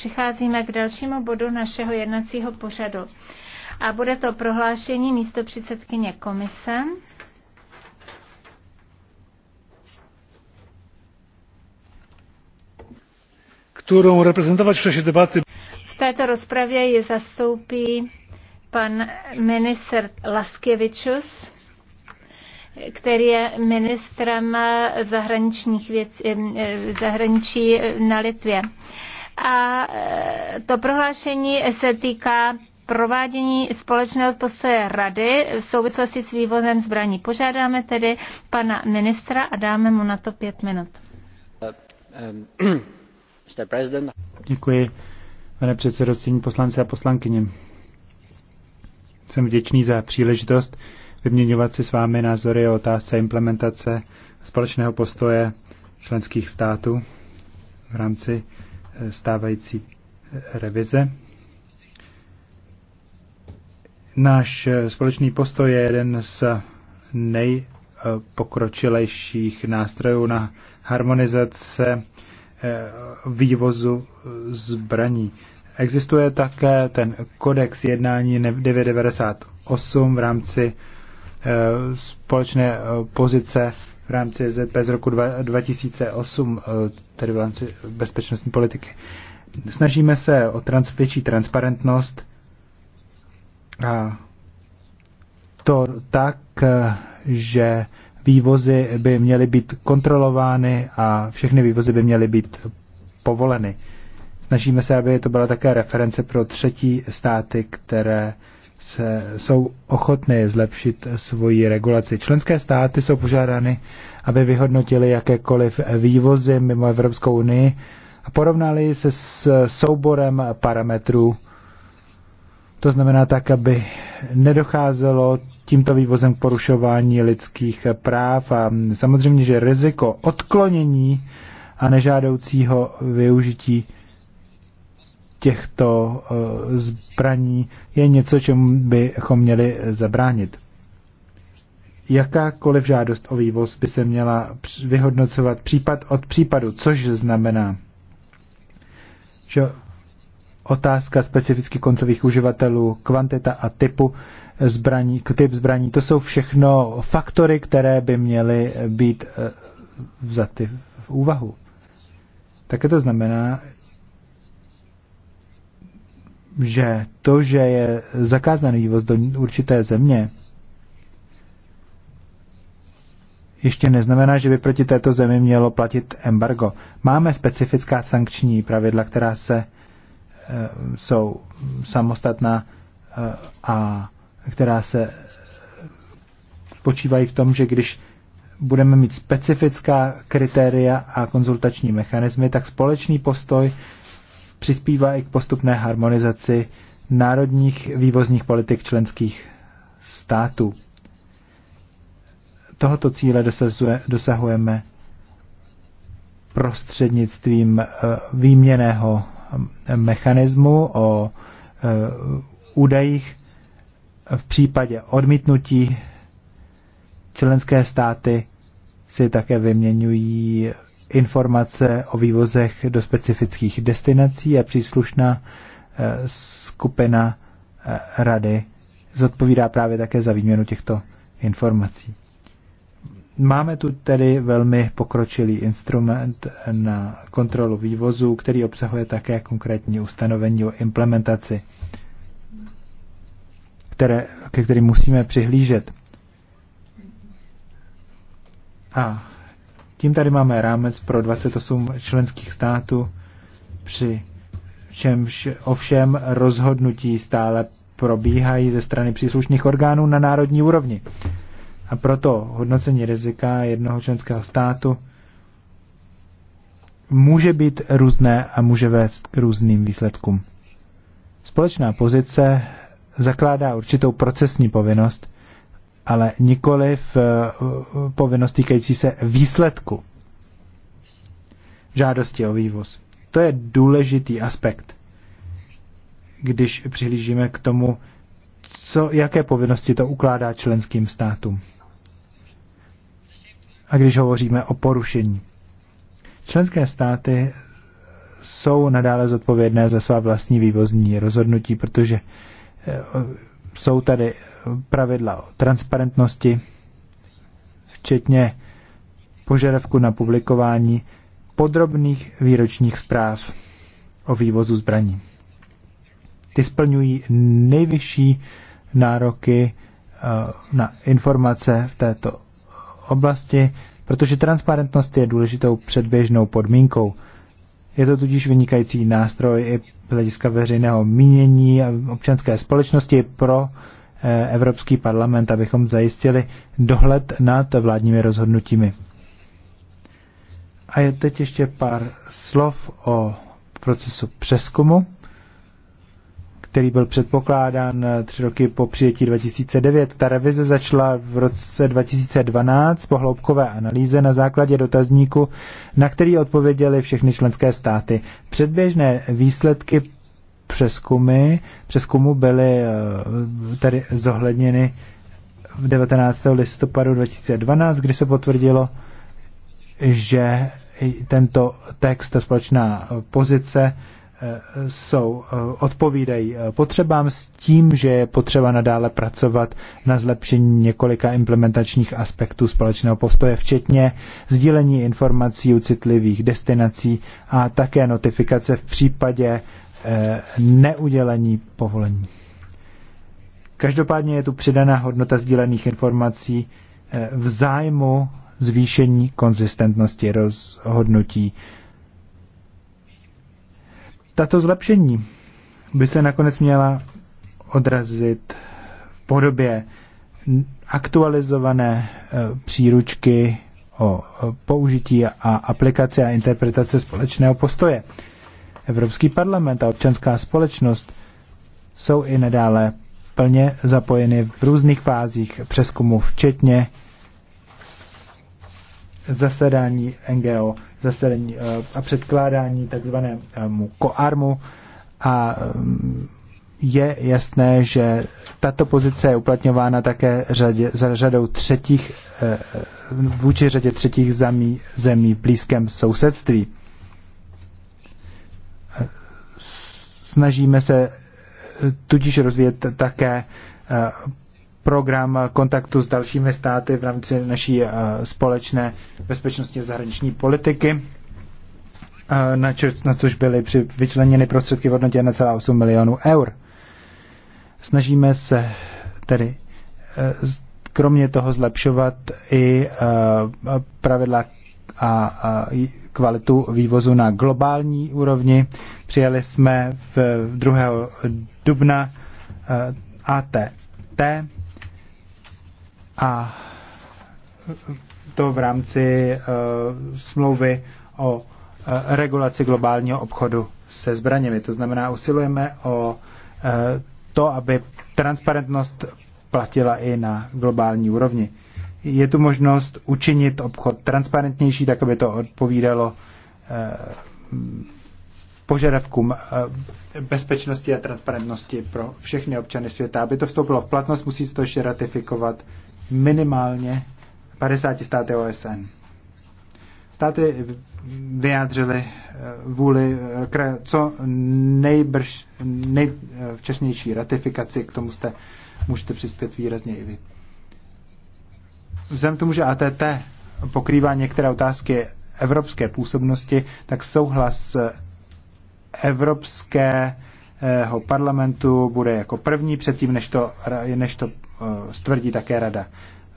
Přicházíme k dalšímu bodu našeho jednacího pořadu. A bude to prohlášení místo předsedkyně komise. Kterou reprezentovat v čase debaty. V této rozpravě je zastoupí pan minister Laskevičus který je ministrem zahraničních věcí eh, zahraničí na Litvě a e, to prohlášení se týká provádění společného postoje rady v souvislosti s vývozem zbraní. Požádáme tedy pana ministra a dáme mu na to pět minut. Děkuji, pane předsedo, poslanci a poslankyně. Jsem vděčný za příležitost vyměňovat si s vámi názory o otázce implementace společného postoje členských států v rámci stávající revize. Náš společný postoj je jeden z nejpokročilejších nástrojů na harmonizace eh, vývozu zbraní. Existuje také ten kodex jednání 998 v rámci eh, společné eh, pozice v rámci ZP z roku 2008, eh, tedy v rámci bezpečnostní politiky. Snažíme se o trans, větší transparentnost a to tak, eh, že vývozy by měly být kontrolovány a všechny vývozy by měly být povoleny. Snažíme se, aby to byla také reference pro třetí státy, které se, jsou ochotné zlepšit svoji regulaci. Členské státy jsou požádány, aby vyhodnotili jakékoliv vývozy mimo Evropskou unii a porovnali se s souborem parametrů. To znamená tak, aby nedocházelo tímto vývozem k porušování lidských práv a samozřejmě, že riziko odklonění a nežádoucího využití těchto eh, zbraní je něco, čemu bychom měli zabránit. Jakákoliv žádost o vývoz by se měla vyhodnocovat případ od případu, což znamená, že otázka specificky koncových uživatelů, kvantita a typu zbraní, typ zbraní, to jsou všechno faktory, které by měly být eh, vzaty v úvahu. Také to znamená, že to, že je zakázaný vývoz do určité země, ještě neznamená, že by proti této zemi mělo platit embargo. Máme specifická sankční pravidla, která se eh, jsou samostatná eh, a která se spočívají eh, v tom, že když budeme mít specifická kritéria a konzultační mechanismy, tak společný postoj přispívá i k postupné harmonizaci národních vývozních politik členských států. Tohoto cíle dosahujeme prostřednictvím eh, výměného eh, mechanismu o eh, údajích v případě odmítnutí členské státy si také vyměňují informace o vývozech do specifických destinací a příslušná eh, skupina eh, rady zodpovídá právě také za výměnu těchto informací. Máme tu tedy velmi pokročilý instrument na kontrolu vývozu, který obsahuje také konkrétní ustanovení o implementaci, které, ke kterým musíme přihlížet. A tím tady máme rámec pro 28 členských států, při čemž ovšem rozhodnutí stále probíhají ze strany příslušných orgánů na národní úrovni. A proto hodnocení rizika jednoho členského státu může být různé a může vést k různým výsledkům. Společná pozice zakládá určitou procesní povinnost, ale nikoli v eh, povinnost týkající se výsledku žádosti o vývoz. To je důležitý aspekt, když přihlížíme k tomu, co, jaké povinnosti to ukládá členským státům. A když hovoříme o porušení. Členské státy jsou nadále zodpovědné za svá vlastní vývozní rozhodnutí, protože eh, jsou tady pravidla o transparentnosti, včetně požadavku na publikování podrobných výročních zpráv o vývozu zbraní. Ty splňují nejvyšší nároky eh, na informace v této oblasti, protože transparentnost je důležitou předběžnou podmínkou. Je to tudíž vynikající nástroj i hlediska veřejného mínění a občanské společnosti pro Eh, Evropský parlament, abychom zajistili dohled nad vládními rozhodnutími. A je teď ještě pár slov o procesu přeskumu, který byl předpokládán eh, tři roky po přijetí 2009. Ta revize začala v roce 2012 po hloubkové analýze na základě dotazníku, na který odpověděly všechny členské státy. Předběžné výsledky přeskumy, přeskumu byly eh, tady zohledněny 19. listopadu 2012, kdy se potvrdilo, že tento text a společná eh, pozice eh, jsou, odpovídají potřebám s tím, že je potřeba nadále pracovat na zlepšení několika implementačních aspektů společného postoje, včetně sdílení informací u citlivých destinací a také notifikace v případě Eh, neudělení povolení. Každopádně je tu přidaná hodnota sdílených informací eh, v zájmu zvýšení konzistentnosti rozhodnutí. Tato zlepšení by se nakonec měla odrazit v podobě aktualizované eh, příručky o použití a aplikaci a interpretace společného postoje. Evropský parlament a občanská společnost jsou i nadále plně zapojeny v různých fázích přeskumu, včetně zasedání NGO, zasedání eh, a předkládání takzvanému koarmu a mm, je jasné, že tato pozice je uplatňována také řadě, za řadou třetích, eh, eh, vůči řadě třetích zemí, zemí v blízkém sousedství. Snažíme se eh, tudíž rozvíjet také eh, program kontaktu s dalšími státy v rámci naší eh, společné bezpečnostně zahraniční politiky, na, což byly při vyčleněny prostředky v hodnotě 1,8 milionů eur. Snažíme se tedy kromě toho zlepšovat i pravidla a kvalitu vývozu na globální úrovni. přijeli jsme v 2. dubna eh, ATT a to v rámci eh, smlouvy o eh, regulaci globálního obchodu se zbraněmi. To znamená, usilujeme o to, aby transparentnost platila i na globální úrovni je tu možnost učinit obchod transparentnější, tak aby to odpovídalo eh, požadavkům eh, bezpečnosti a transparentnosti pro všechny občany světa. Aby to vstoupilo v platnost, musí se to ještě ratifikovat minimálně 50 státy OSN. Státy vyjádřily eh, vůli k co nejbrž, nejvčasnější ratifikaci, k tomu jste, můžete přispět výrazně i vy vzhledem tomu, že ATT pokrývá některé otázky evropské působnosti, tak souhlas Evropského parlamentu bude jako první předtím, než to, než to eh, stvrdí také rada.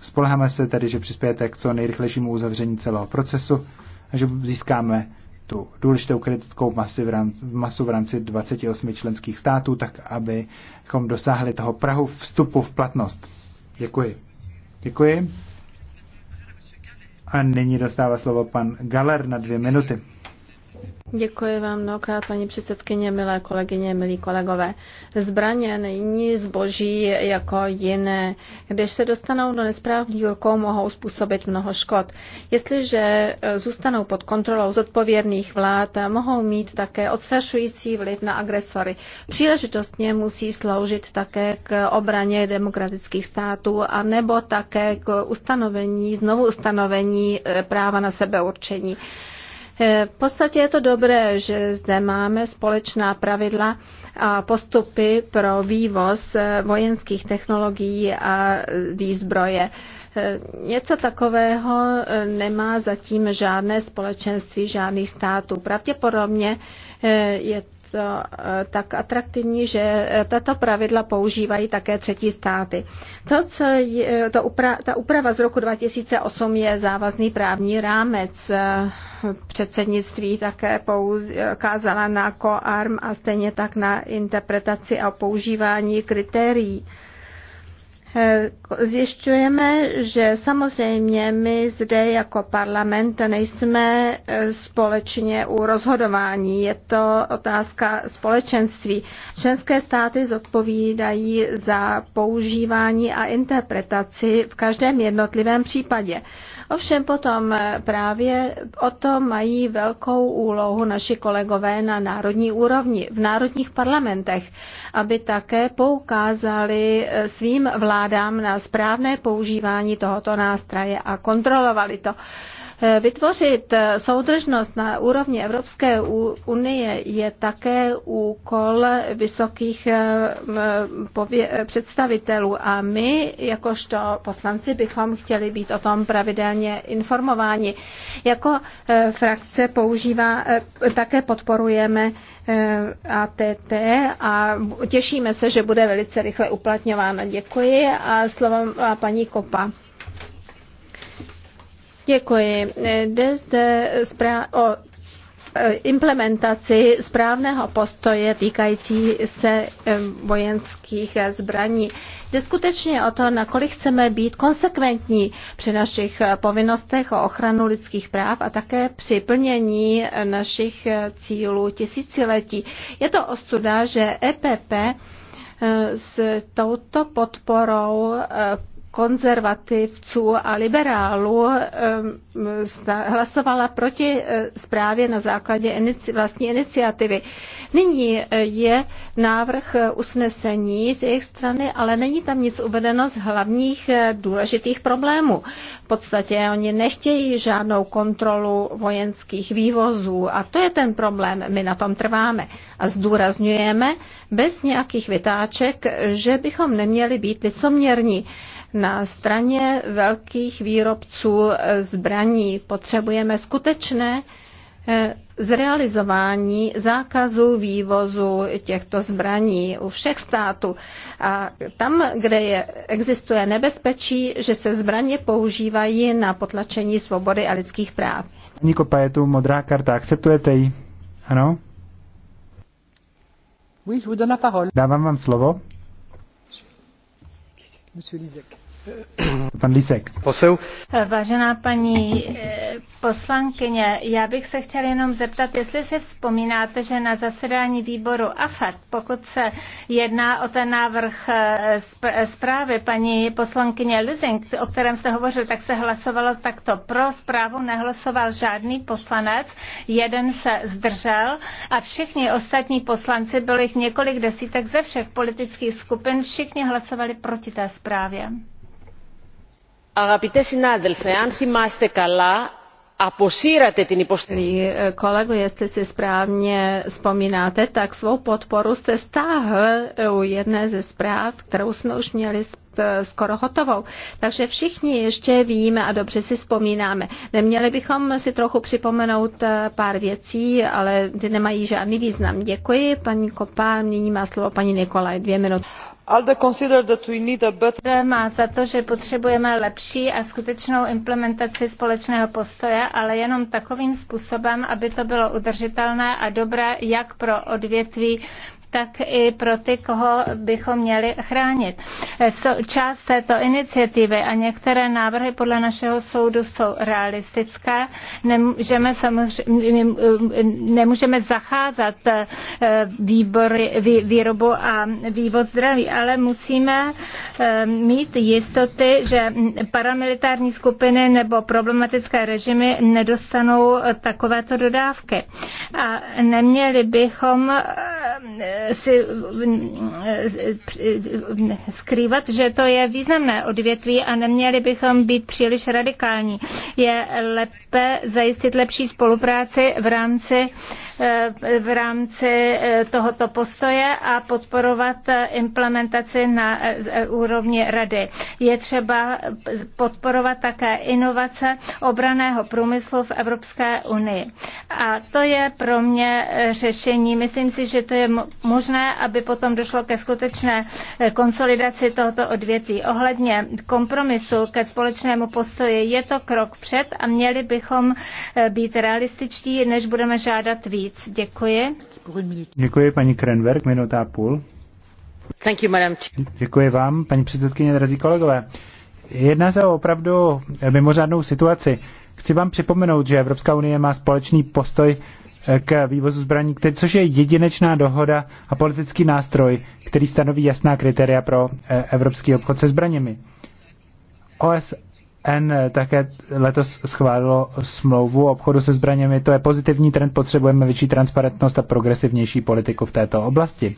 Spoleháme se tedy, že přispějete k co nejrychlejšímu uzavření celého procesu a že získáme tu důležitou kritickou masu v, rámci, masu v rámci 28 členských států, tak abychom dosáhli toho Prahu vstupu v platnost. Děkuji. Děkuji. A nyní dostává slovo pan Galer na dvě minuty. Děkuji vám mnohokrát, paní předsedkyně, milé kolegyně, milí kolegové. Zbraně není zboží jako jiné. Když se dostanou do nesprávných rukou, mohou způsobit mnoho škod. Jestliže eh, zůstanou pod kontrolou zodpovědných vlád, mohou mít také odstrašující vliv na agresory. Příležitostně musí sloužit také k obraně demokratických států a nebo také k ustanovení, znovu ustanovení eh, práva na sebeurčení. E, v podstatě je to dobré, že zde máme společná pravidla a postupy pro vývoz e, vojenských technologií a výzbroje. E, něco takového nemá zatím žádné společenství, žádných států. Pravděpodobně je Eh, tak atraktivní, že eh, tato pravidla používají také třetí státy. To, co je, to upra, ta úprava z roku 2008 je závazný právní rámec. Eh, předsednictví také kázala na COARM a stejně tak na interpretaci a používání kritérií. Eh, zjišťujeme, že samozřejmě my zde jako parlament nejsme eh, společně u rozhodování. Je to otázka společenství. Členské státy zodpovídají za používání a interpretaci v každém jednotlivém případě. Ovšem potom eh, právě o to mají velkou úlohu naši kolegové na národní úrovni, v národních parlamentech, aby také poukázali eh, svým vládám na správné používání tohoto nástroje a kontrolovali to. Eh, vytvořit eh, soudržnost na úrovni Evropské unie je také úkol vysokých eh, představitelů a my, jakožto poslanci, bychom chtěli být o tom pravidelně informováni. Jako frakce používá, také podporujeme ATT a těšíme se, že bude velice rychle uplatňována Děkuji a slovo paní Kopa. Děkuji. Jde zde o e, implementaci správného postoje týkající se e, vojenských zbraní. Jde skutečně o to, nakolik chceme být konsekventní při našich povinnostech o ochranu lidských práv a také při plnění našich cílů tisíciletí. Je to ostuda, že EPP e, s touto podporou konzervativců a liberálů ehm, hlasovala proti eh, zprávě na základě vlastní iniciativy. Nyní eh, je návrh eh, usnesení z jejich strany, ale není tam nic uvedeno z hlavních důležitých problémů. V podstatě oni nechtějí žádnou kontrolu vojenských vývozů a to je ten problém. My na tom trváme a zdůrazňujeme bez nějakých vytáček, že bychom neměli být licoměrní na straně velkých výrobců eh, zbraní. Potřebujeme skutečné eh, zrealizování zákazu vývozu těchto zbraní u všech států. A tam, kde je, existuje nebezpečí, že se zbraně používají na potlačení svobody a lidských práv. Niko, je tu modrá karta, akceptujete ji? Ano? Dávám vám slovo. Monsieur Lizek. Pan Lísek. Posel. Vážená paní eh, poslankyně, já bych se chtěla jenom zeptat, jestli si vzpomínáte, že na zasedání výboru AFAT, pokud se jedná o ten návrh eh, eh, zprávy paní poslankyně Lizing, o kterém jste hovořil, tak se hlasovalo takto. Pro zprávu nehlasoval žádný poslanec, jeden se zdržel a všichni ostatní poslanci, bylo jich několik desítek ze všech politických skupin, všichni hlasovali proti té zprávě. Αγαπητέ συνάδελφε, αν θυμάστε καλά, αποσύρατε την υποστήριξη. Eh, kolego, jestli si správně vzpomínáte, tak svou podporu jste stáhl u jedné ze zpráv, kterou jsme už měli Eh, skoro hotovou. Takže všichni ještě víme a dobře si vzpomínáme. Neměli bychom si trochu připomenout eh, pár věcí, ale ty nemají žádný význam. Děkuji, paní Kopa, nyní má slovo paní Nikolaj, dvě minuty. Alde better... má za to, že potřebujeme lepší a skutečnou implementaci společného postoje, ale jenom takovým způsobem, aby to bylo udržitelné a dobré jak pro odvětví tak i pro ty, koho bychom měli chránit. Eh, část této iniciativy a některé návrhy podle našeho soudu jsou realistické. Nemůžeme, samozřejmě, mm, mm, mm, nemůžeme zacházat eh, výbory, výrobu a vývoz zdraví, ale musíme eh, mít jistoty, že paramilitární skupiny nebo problematické režimy nedostanou takovéto dodávky. A neměli bychom si eh, skrývat, že to je významné odvětví a neměli bychom být příliš radikální. Je lépe zajistit lepší spolupráci v rámci Eh, v rámci eh, tohoto postoje a podporovat eh, implementaci na úrovni rady. Je třeba podporovat také inovace obraného průmyslu v Evropské unii. A to je pro mě řešení. Myslím si, že to je možné, aby potom došlo ke skutečné konsolidaci tohoto odvětví. Ohledně kompromisu ke společnému postoji je to krok před a měli bychom být realističtí, než budeme žádat víc víc. Děkuji. Děkuji paní Krenberg, minuta a půl. Thank you, madam. Děkuji vám, paní předsedkyně, drazí kolegové. Jedná se o opravdu mimořádnou situaci. Chci vám připomenout, že Evropská unie má společný postoj eh, k vývozu zbraní, což je jedinečná dohoda a politický nástroj, který stanoví jasná kritéria pro eh, evropský obchod se zbraněmi. OS, OSN eh, také letos schválilo smlouvu o obchodu se zbraněmi. To je pozitivní trend, potřebujeme větší transparentnost a progresivnější politiku v této oblasti.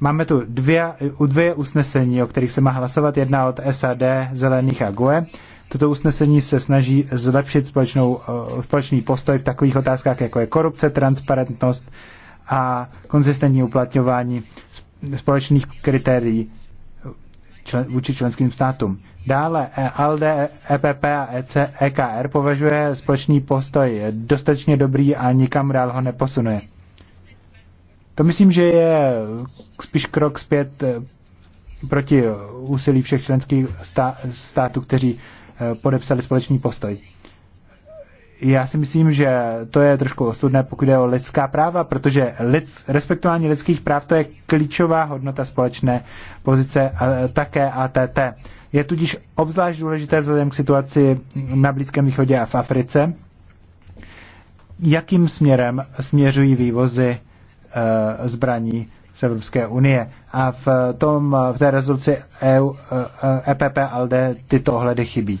Máme tu dvě, dvě usnesení, o kterých se má hlasovat. Jedna od SAD, Zelených a GUE. Toto usnesení se snaží zlepšit společnou, eh, společný postoj v takových otázkách, jako je korupce, transparentnost a konzistentní uplatňování společných kritérií člen, vůči členským státům. Dále e, ALDE, EPP a EC, EKR považuje společný postoj dostatečně dobrý a nikam dál ho neposunuje. To myslím, že je spíš krok zpět e, proti úsilí všech členských států, kteří e, podepsali společný postoj já si myslím, že to je trošku ostudné, pokud je o lidská práva, protože lid, respektování lidských práv to je klíčová hodnota společné pozice a také ATT. Je tudíž obzvlášť důležité vzhledem k situaci na Blízkém východě a v Africe, jakým směrem směřují vývozy e, zbraní z Evropské unie. A v, tom, v té rezoluci EU, EPP eh, e ALDE tyto ohledy chybí.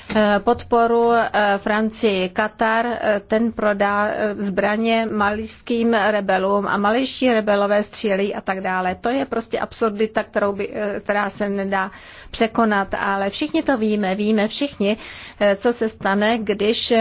Eh, podporu eh, Francii. Katar eh, ten prodá zbraně malijským rebelům a malejší rebelové střílejí a tak dále. To je prostě absurdita, kterou by, která se nedá překonat, ale všichni to víme, víme všichni, co se stane, když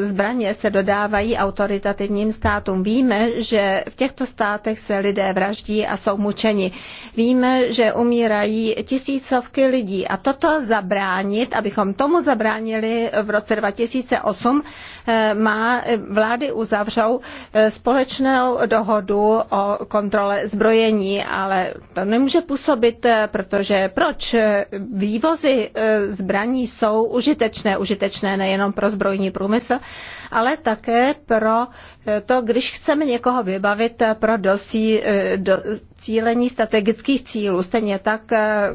zbraně se dodávají autoritativním státům. Víme, že v těchto státech se lidé vraždí a jsou mučeni. Víme, že umírají tisícovky lidí a toto zabránit, abychom tomu zabránili, zabránili v roce 2008 Eh, má, eh, vlády uzavřou eh, společnou dohodu o kontrole zbrojení, ale to nemůže působit, protože proč vývozy zbraní jsou užitečné, užitečné nejenom pro zbrojní průmysl, ale také pro to, když chceme někoho vybavit pro dosí, do, cílení strategických cílů. Stejně tak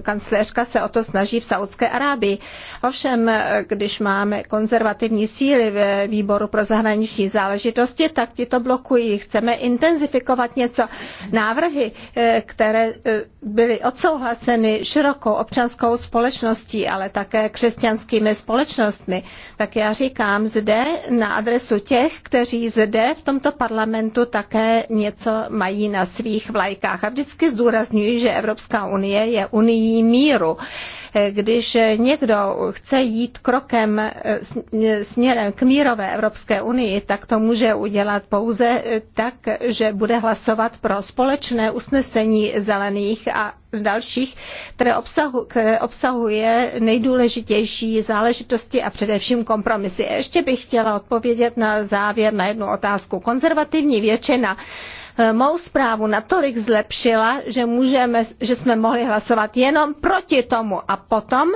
kancléřka se o to snaží v Saudské Arábii. Ovšem, když máme konzervativní síly ve výboru pro zahraniční záležitosti, tak ti to blokují. Chceme intenzifikovat něco. Návrhy, eh, které eh, byly odsouhlaseny širokou občanskou společností, ale také křesťanskými společnostmi, tak já říkám zde na adresu těch, kteří zde v tomto parlamentu také něco mají na svých vlajkách. A vždycky zdůraznuju, že Evropská unie je unii míru. Eh, když někdo chce jít krokem směrem k mírové Evropské unii, tak to může udělat pouze eh, tak, že bude hlasovat pro společné usnesení zelených a dalších, které, obsahu, které obsahuje nejdůležitější záležitosti a především kompromisy. Ještě bych chtěla odpovědět na závěr na jednu otázku. Konzervativní většina Eh, mou zprávu natolik zlepšila, že, můžeme, že jsme mohli hlasovat jenom proti tomu a potom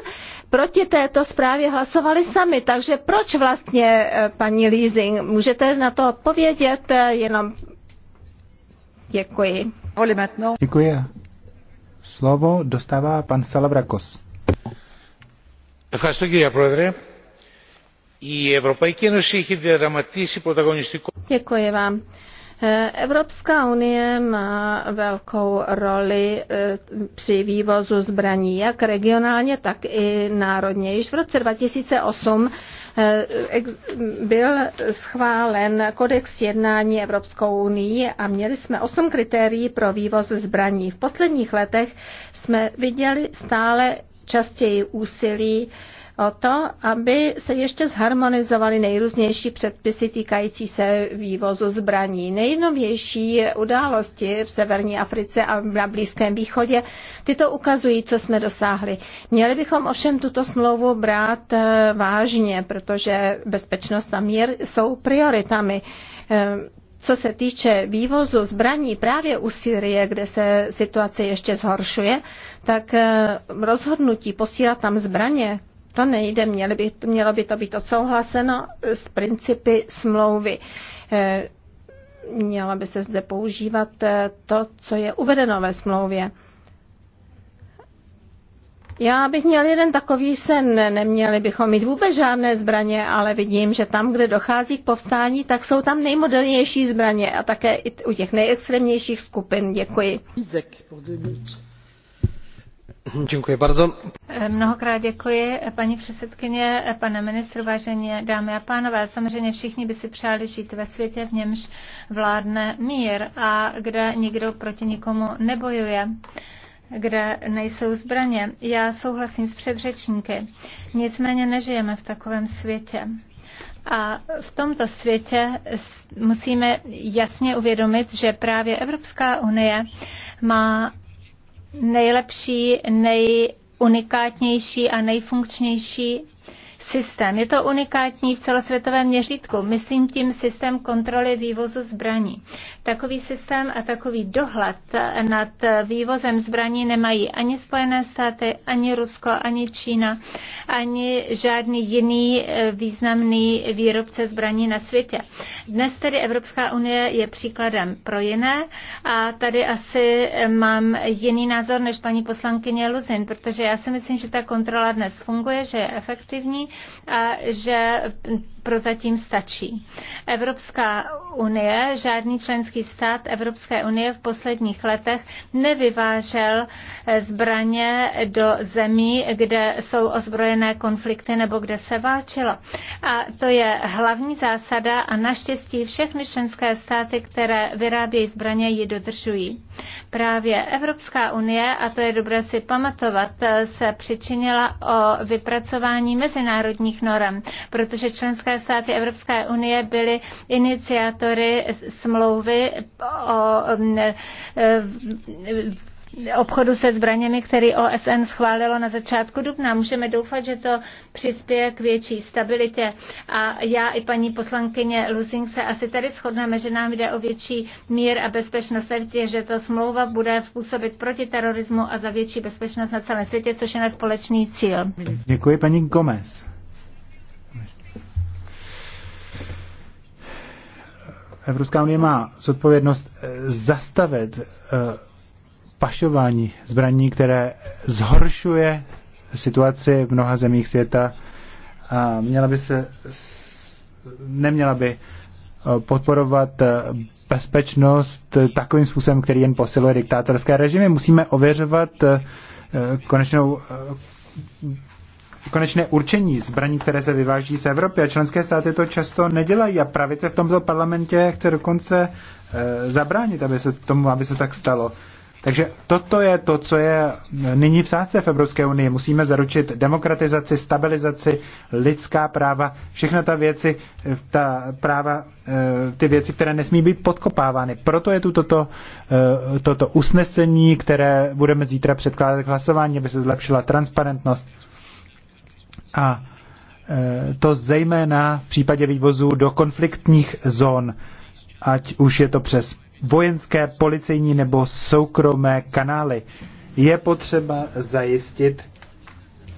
proti této zprávě hlasovali sami. Takže proč vlastně, eh, paní Leasing, můžete na to odpovědět eh, jenom Děkuji. Děkuji. Slovo dostává pan Salavrakos. Ευχαριστώ κύριε Πρόεδρε. Η Ευρωπαϊκή Ένωση έχει διαδραματίσει πρωταγωνιστικό. Děkuji vám. Evropská unie má velkou roli eh, při vývozu zbraní, jak regionálně, tak i národně. Již v roce 2008 eh, byl schválen kodex jednání Evropskou unii a měli jsme osm kritérií pro vývoz zbraní. V posledních letech jsme viděli stále častěji úsilí o to, aby se ještě zharmonizovaly nejrůznější předpisy týkající se vývozu zbraní. Nejnovější události v severní Africe a na Blízkém východě tyto ukazují, co jsme dosáhli. Měli bychom ovšem tuto smlouvu brát eh, vážně, protože bezpečnost a mír jsou prioritami. Eh, co se týče vývozu zbraní právě u Syrie, kde se situace ještě zhoršuje, tak eh, rozhodnutí posílat tam zbraně to nejde, mělo by, mělo by to být odsouhlaseno s principy smlouvy. Eh, měla by se zde používat eh, to, co je uvedeno ve smlouvě. Já bych měl jeden takový sen. Neměli bychom mít vůbec žádné zbraně, ale vidím, že tam, kde dochází k povstání, tak jsou tam nejmodernější zbraně a také i u těch nejextrémnějších skupin. Děkuji. Děkuji bardzo. Mnohokrát děkuji, paní předsedkyně, pane ministr, vážení dámy a pánové. Samozřejmě všichni by si přáli žít ve světě, v němž vládne mír a kde nikdo proti nikomu nebojuje kde nejsou zbraně. Já souhlasím s předřečníky. Nicméně nežijeme v takovém světě. A v tomto světě musíme jasně uvědomit, že právě Evropská unie má nejlepší, nejunikátnější a nejfunkčnější systém. Je to unikátní v celosvětovém měřítku. Myslím tím systém kontroly vývozu zbraní. Takový systém a takový dohled nad vývozem zbraní nemají ani Spojené státy, ani Rusko, ani Čína, ani žádný jiný eh, významný výrobce zbraní na světě. Dnes tedy Evropská unie je příkladem pro jiné a tady asi eh, mám jiný názor než paní poslankyně Luzin, protože já si myslím, že ta kontrola dnes funguje, že je efektivní a že prozatím stačí. Evropská unie, žádný členský stát Evropské unie v posledních letech nevyvážel eh, zbraně do zemí, kde jsou ozbrojené konflikty nebo kde se válčilo. A to je hlavní zásada a naštěstí všechny členské státy, které vyrábějí zbraně, ji dodržují. Právě Evropská unie, a to je dobré si pamatovat, eh, se přičinila o vypracování mezinárodní mezinárodních norem, protože členské státy Evropské unie byly iniciátory smlouvy o mm, e, obchodu se zbraněmi, který OSN schválilo na začátku dubna. Můžeme doufat, že to přispěje k větší stabilitě. A já i paní poslankyně Lusing se asi tady shodneme, že nám jde o větší mír a bezpečnost světě, že to smlouva bude působit proti terorismu a za větší bezpečnost na celém světě, což je náš společný cíl. Děkuji paní Gomez. Evropská unie má zodpovědnost eh, zastavit eh, pašování zbraní, které zhoršuje situaci v mnoha zemích světa a měla by se, neměla by eh, podporovat bezpečnost takovým způsobem, který jen posiluje diktátorské režimy. Musíme ověřovat konečnou konečné určení zbraní, které se vyváží z Evropy a členské státy to často nedělají a pravice v tomto parlamentě chce dokonce e, zabránit aby se tomu, aby se tak stalo. Takže toto je to, co je eh, nyní v sázce v Evropské unii. Musíme zaručit demokratizaci, stabilizaci, lidská práva, všechna ta věci, eh, ta práva, ty věci, které nesmí být podkopávány. Proto je tu toto, toto usnesení, které budeme zítra předkládat k hlasování, aby se zlepšila transparentnost, a e, to zejména v případě vývozu do konfliktních zón, ať už je to přes vojenské, policejní nebo soukromé kanály. Je potřeba zajistit,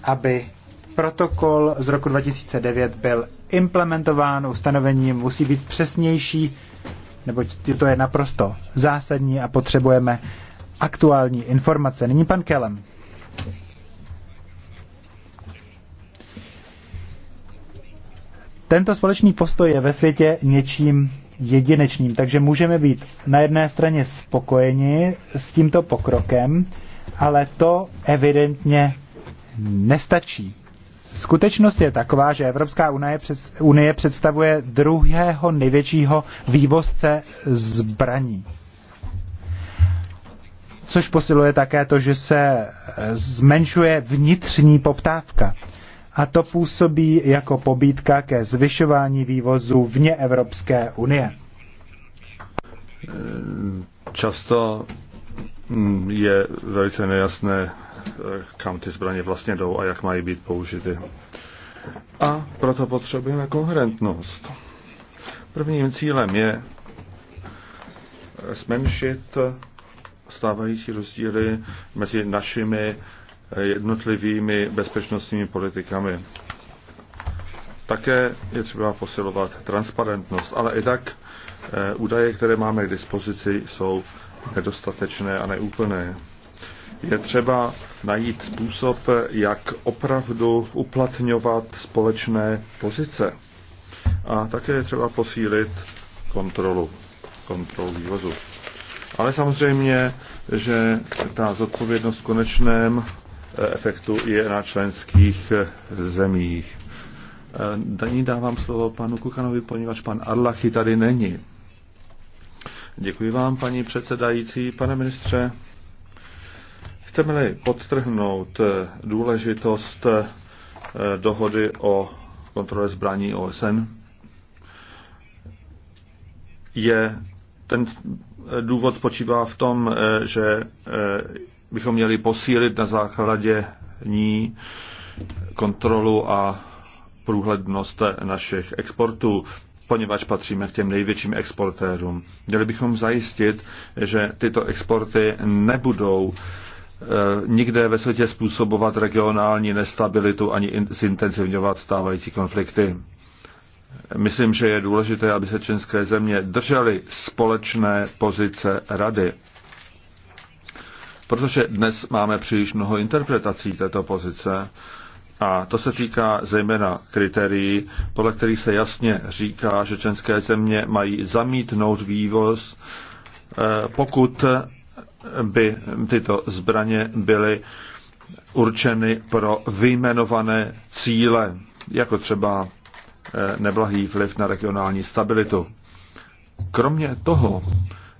aby protokol z roku 2009 byl implementován, ustanovení musí být přesnější, neboť to je naprosto zásadní a potřebujeme aktuální informace. Nyní pan Kelem. Tento společný postoj je ve světě něčím jedinečným, takže můžeme být na jedné straně spokojeni s tímto pokrokem, ale to evidentně nestačí. Skutečnost je taková, že Evropská unie představuje druhého největšího vývozce zbraní. Což posiluje také to, že se zmenšuje vnitřní poptávka a to působí jako pobídka ke zvyšování vývozu vně Evropské unie. Často mm, je velice nejasné, eh, kam ty zbraně vlastně jdou a jak mají být použity. A proto potřebujeme koherentnost. Prvním cílem je eh, zmenšit eh, stávající rozdíly mezi našimi jednotlivými bezpečnostními politikami. Také je třeba posilovat transparentnost, ale i tak eh, údaje, které máme k dispozici, jsou nedostatečné a neúplné. Je třeba najít způsob, jak opravdu uplatňovat společné pozice. A také je třeba posílit kontrolu, kontrolu vývozu. Ale samozřejmě, že ta zodpovědnost v konečném Eh, efektu je na členských eh, zemích. Daní eh, dávám slovo panu Kukanovi, poněvadž pan Arlachy tady není. Děkuji vám, paní předsedající. Pane ministře, chceme-li podtrhnout důležitost dohody o kontrole zbraní OSN, je ten důvod spočívá v tom, že bychom měli posílit na základě ní kontrolu a průhlednost našich exportů, poněvadž patříme k těm největším exportérům. Měli bychom zajistit, že tyto exporty nebudou eh, nikde ve světě způsobovat regionální nestabilitu ani zintenzivňovat stávající konflikty. Myslím, že je důležité, aby se české země držely společné pozice rady protože dnes máme příliš mnoho interpretací této pozice a to se týká zejména kritérií, podle kterých se jasně říká, že české země mají zamítnout vývoz, eh, pokud by tyto zbraně byly určeny pro vyjmenované cíle, jako třeba eh, neblahý vliv na regionální stabilitu. Kromě toho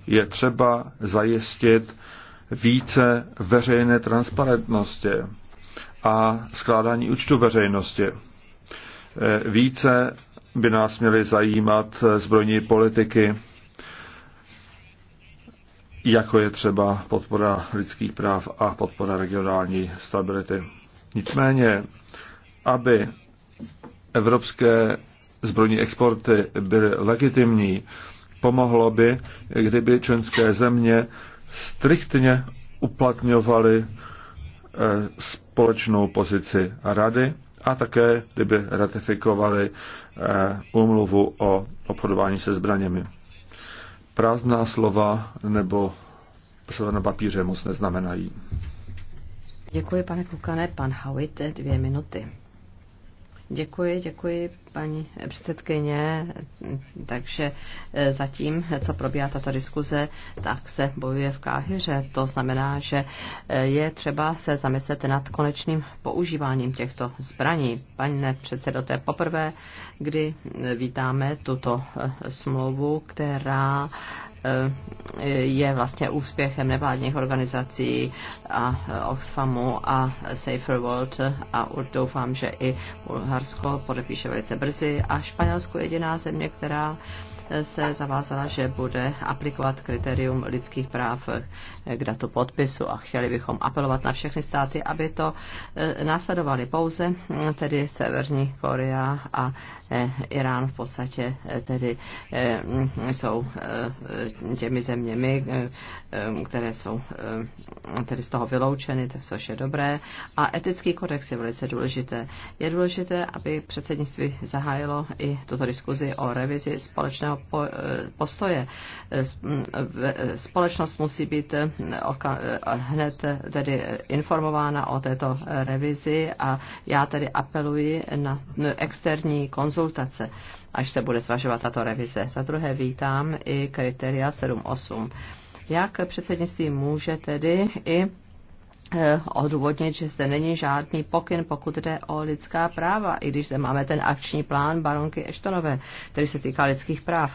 je třeba zajistit více veřejné transparentnosti a skládání účtu veřejnosti. Eh, více by nás měly zajímat zbrojní politiky, jako je třeba podpora lidských práv a podpora regionální stability. Nicméně, aby evropské zbrojní exporty byly legitimní, pomohlo by, kdyby členské země striktně uplatňovali eh, společnou pozici rady a také, kdyby ratifikovali eh, úmluvu o obchodování se zbraněmi. Prázdná slova nebo slova na papíře moc neznamenají. Děkuji, pane Kukane. Pan Howitt, dvě minuty. Děkuji, děkuji, paní předsedkyně. Takže e, zatím, co probíhá tato diskuze, tak se bojuje v Káhyře. To znamená, že e, je třeba se zamyslet nad konečným používáním těchto zbraní. Pane předsedo, to je poprvé, kdy e, vítáme tuto smlouvu, která Eh, je vlastně úspěchem nevládních organizací a eh, Oxfamu a Safer World a doufám, že i Bulharsko podepíše velice brzy a Španělsko je jediná země, která eh, se zavázala, že bude aplikovat kritérium lidských práv k datu podpisu a chtěli bychom apelovat na všechny státy, aby to následovali pouze, mm, tedy Severní Korea a Eh, Irán v podstatě eh, tedy eh, jsou těmi zeměmi, které jsou tedy z toho vyloučeny, což je dobré. A etický kodex je velice důležité. Je důležité, aby předsednictví zahájilo i tuto diskuzi o revizi společného postoje. Společnost musí být hned tedy informována o této revizi a já tedy apeluji na externí konzultaci konzultace, až se bude zvažovat tato revize. Za druhé vítám i kritéria 7.8. Jak předsednictví může tedy i Eh, odůvodnit, že zde není žádný pokyn, pokud jde o lidská práva, i když zde máme ten akční plán baronky Eštonové, který se týká lidských práv.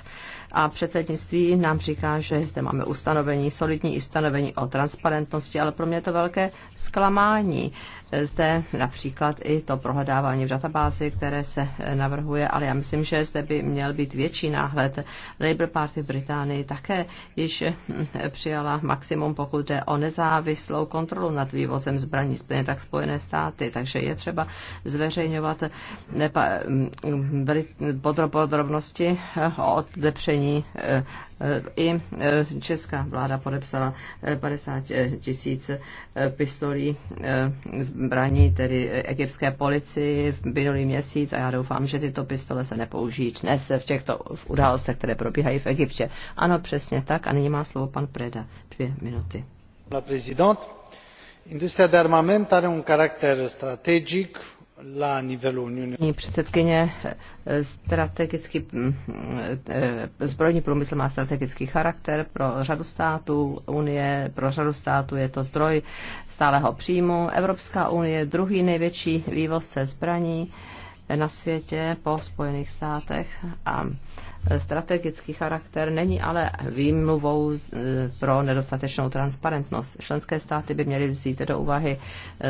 A předsednictví nám říká, že zde máme ustanovení, solidní ustanovení o transparentnosti, ale pro mě to velké zklamání. Eh, zde například i to prohledávání v databázi, které se eh, navrhuje, ale já myslím, že zde by měl být větší náhled. Labour Party v Británii také již hm, přijala maximum, pokud jde o nezávislou kontrolu na zabývat vývozem zbraní, stejně tak Spojené státy. Takže je třeba zveřejňovat nepa, mm, podrobnosti o odepření. Eh, I eh, česká vláda podepsala 50 eh, tisíc pistolí zbraní, tedy egyptské policii v minulý měsíc a já doufám, že tyto pistole se nepoužijí dnes v těchto událostech, které probíhají v Egyptě. Ano, přesně tak. A nyní má slovo pan Preda. Dvě minuty. La industria de armament are un caracter strategic la nivelul Uniunii. Paní předsedkyně, strategický, mm, eh, zbrojní průmysl má strategický charakter pro řadu států Unie, pro řadu států je to zdroj stálého příjmu. Evropská unie je druhý největší vývozce zbraní na světě po Spojených státech a strategický charakter není ale výmluvou pro nedostatečnou transparentnost. Členské státy by měly vzít do úvahy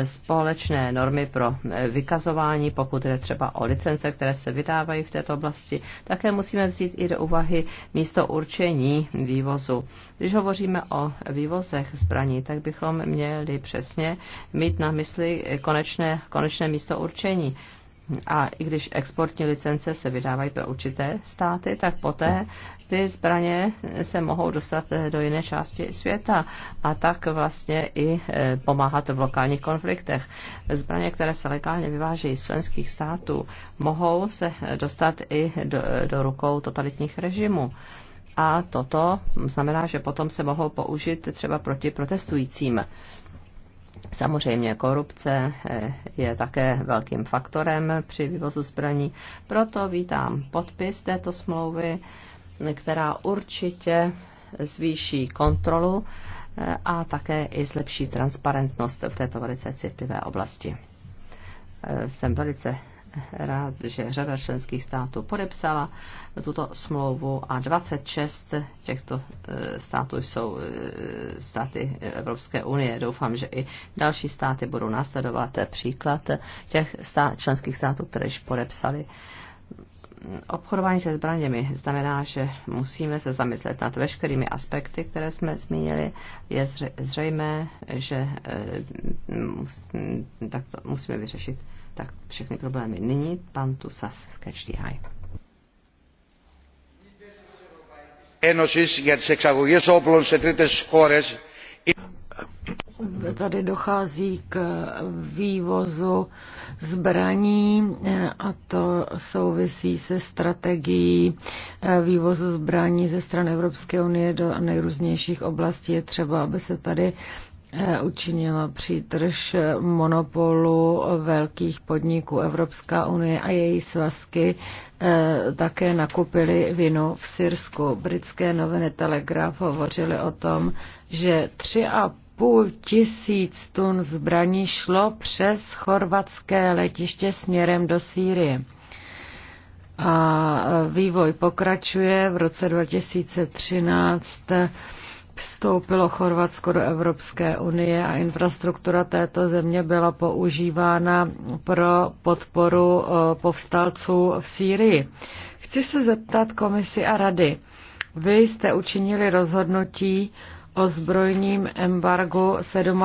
společné normy pro vykazování, pokud jde třeba o licence, které se vydávají v této oblasti. Také musíme vzít i do úvahy místo určení vývozu. Když hovoříme o vývozech zbraní, tak bychom měli přesně mít na mysli konečné, konečné místo určení a i když exportní licence se vydávají pro určité státy, tak poté ty zbraně se mohou dostat eh, do jiné části světa a tak vlastně i eh, pomáhat v lokálních konfliktech. Zbraně, které se legálně vyvážejí z členských států, mohou se eh, dostat i do, do rukou totalitních režimů. A toto znamená, že potom se mohou použít třeba proti protestujícím. Samozřejmě korupce eh, je také velkým faktorem při vývozu zbraní, proto vítám podpis této smlouvy, která určitě zvýší kontrolu eh, a také i zlepší transparentnost v této velice citlivé oblasti. Eh, jsem velice rád, že řada členských států podepsala tuto smlouvu a 26 těchto eh, států jsou eh, státy Evropské unie. Doufám, že i další státy budou následovat příklad těch stát, členských států, které již podepsali obchodování se zbraněmi znamená, že musíme se zamyslet nad veškerými aspekty, které jsme zmínili. Je zřejmé, že eh, tak to musíme vyřešit tak všechny problémy. Nyní pan Tusas v Catch the Eye. Tady dochází k vývozu zbraní a to souvisí se strategií eh, vývozu zbraní ze strany Evropské unie do nejrůznějších oblastí. Je třeba, aby se tady Eh, učinilo přítrž eh, monopolu velkých podniků. Evropská unie a její svazky eh, také nakupili vinu v Syrsku. Britské noviny Telegraph hovořily o tom, že tři a půl tisíc tun zbraní šlo přes chorvatské letiště směrem do Sýrie. A vývoj pokračuje. V roce 2013 vstoupilo Chorvatsko do Evropské unie a infrastruktura této země byla používána pro podporu eh, povstalců v Sýrii. Chci se zeptat komisi a rady. Vy jste učinili rozhodnutí o zbrojním embargu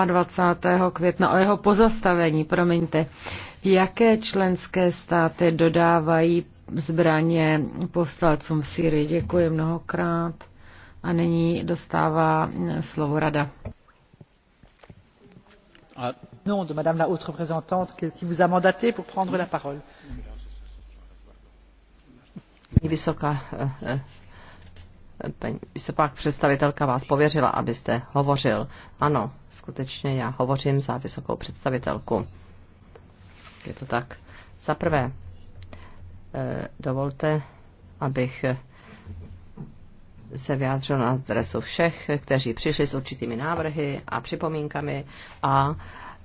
27. května, o jeho pozastavení, promiňte. Jaké členské státy dodávají zbraně povstalcům v Syrii? Děkuji mnohokrát. A nyní dostává eh, slovo rada. Ah, Nom de Madame la haute représentante qui vous a mandaté pour prendre la parole. Vysoká, eh, eh, vysoká představitelka vás pověřila, abyste hovořil. Ano, skutečně já hovořím za vysokou představitelku. Je to tak. Za prvé, dovolte, abych se vyjádřil na adresu všech, kteří přišli s určitými návrhy a připomínkami a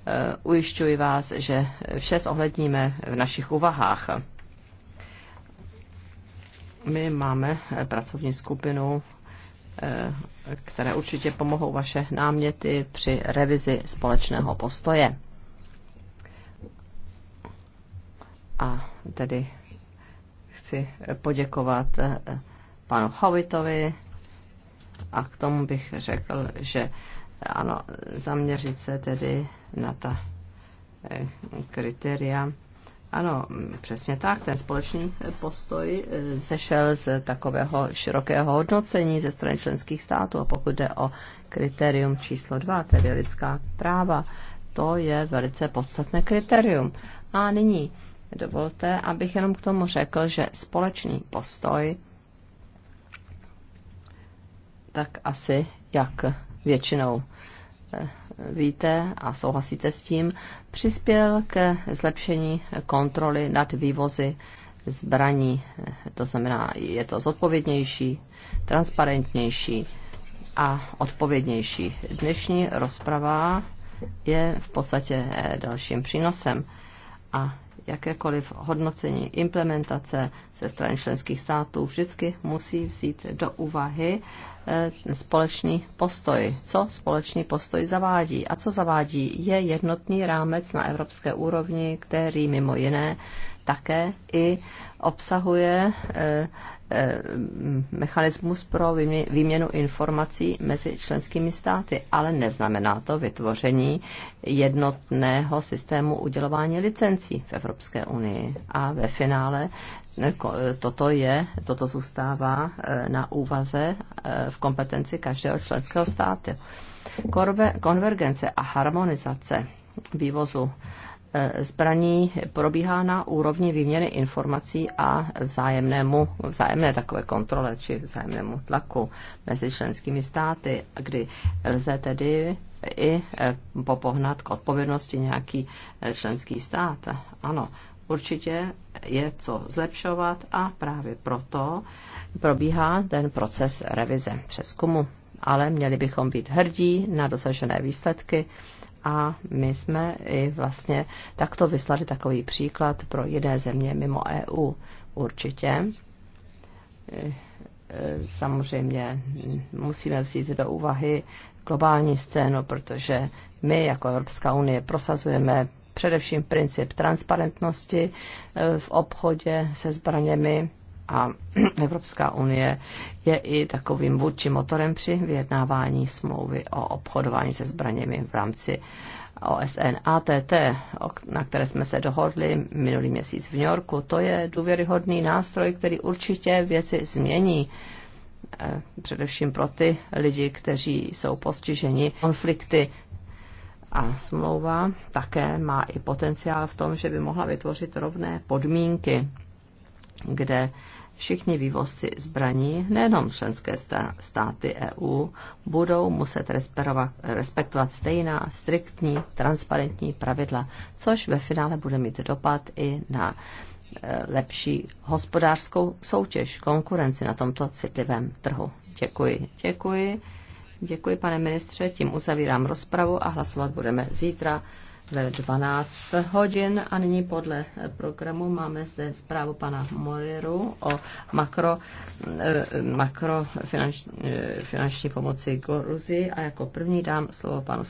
e, ujišťuji vás, že vše zohledníme v našich úvahách. My máme e, pracovní skupinu, e, které určitě pomohou vaše náměty při revizi společného postoje. A tedy chci poděkovat panu Howitovi a k tomu bych řekl, že ano, zaměřit se tedy na ta eh, kritéria. Ano, přesně tak, ten společný eh, postoj eh, sešel z takového širokého hodnocení ze strany členských států a pokud jde o kritérium číslo dva, tedy lidská práva, to je velice podstatné kritérium. A nyní dovolte, abych jenom k tomu řekl, že společný postoj tak asi jak většinou eh, víte a souhlasíte s tím, přispěl ke zlepšení kontroly nad vývozy zbraní. Eh, to znamená, je to zodpovědnější, transparentnější a odpovědnější. Dnešní rozprava je v podstatě eh, dalším přínosem. A jakékoliv hodnocení implementace ze strany členských států vždycky musí vzít do úvahy eh, společný postoj. Co společný postoj zavádí? A co zavádí? Je jednotný rámec na evropské úrovni, který mimo jiné také i obsahuje eh, Eh, mechanismus pro výměnu informací mezi členskými státy, ale neznamená to vytvoření jednotného systému udělování licencí v Evropské unii. A ve finále eh, eh, toto, je, toto zůstává na úvaze v kompetenci každého členského státu. Konvergence a harmonizace vývozu Eh, zbraní probíhá na úrovni výměny informací a vzájemnému, vzájemné takové kontrole či vzájemnému tlaku mezi členskými státy, kdy lze tedy i eh, popohnat k odpovědnosti nějaký eh, členský stát. Ano, určitě je co zlepšovat a právě proto probíhá ten proces revize přeskumu. Ale měli bychom být hrdí na dosažené výsledky a my jsme i vlastně takto vyslali takový příklad pro jiné země mimo EU určitě. Samozřejmě musíme vzít do úvahy globální scénu, protože my jako Evropská unie prosazujeme především princip transparentnosti v obchodě se zbraněmi a Evropská unie je i takovým vůdčím motorem při vyjednávání smlouvy o obchodování se zbraněmi v rámci OSN ATT, na které jsme se dohodli minulý měsíc v New Yorku. To je důvěryhodný nástroj, který určitě věci změní e, především pro ty lidi, kteří jsou postiženi konflikty. A smlouva také má i potenciál v tom, že by mohla vytvořit rovné podmínky, kde všichni vývozci zbraní, nejenom členské státy EU, budou muset respektovat stejná, striktní, transparentní pravidla, což ve finále bude mít dopad i na e, lepší hospodářskou soutěž, konkurenci na tomto citlivém trhu. Děkuji, děkuji. Děkuji, pane ministře. Tím uzavírám rozpravu a hlasovat budeme zítra ve 12 hodin a nyní podle programu máme zde zprávu pana Moriru o makro, eh, makro finanční, eh, finanční pomoci Goruzi a jako první dám slovo panu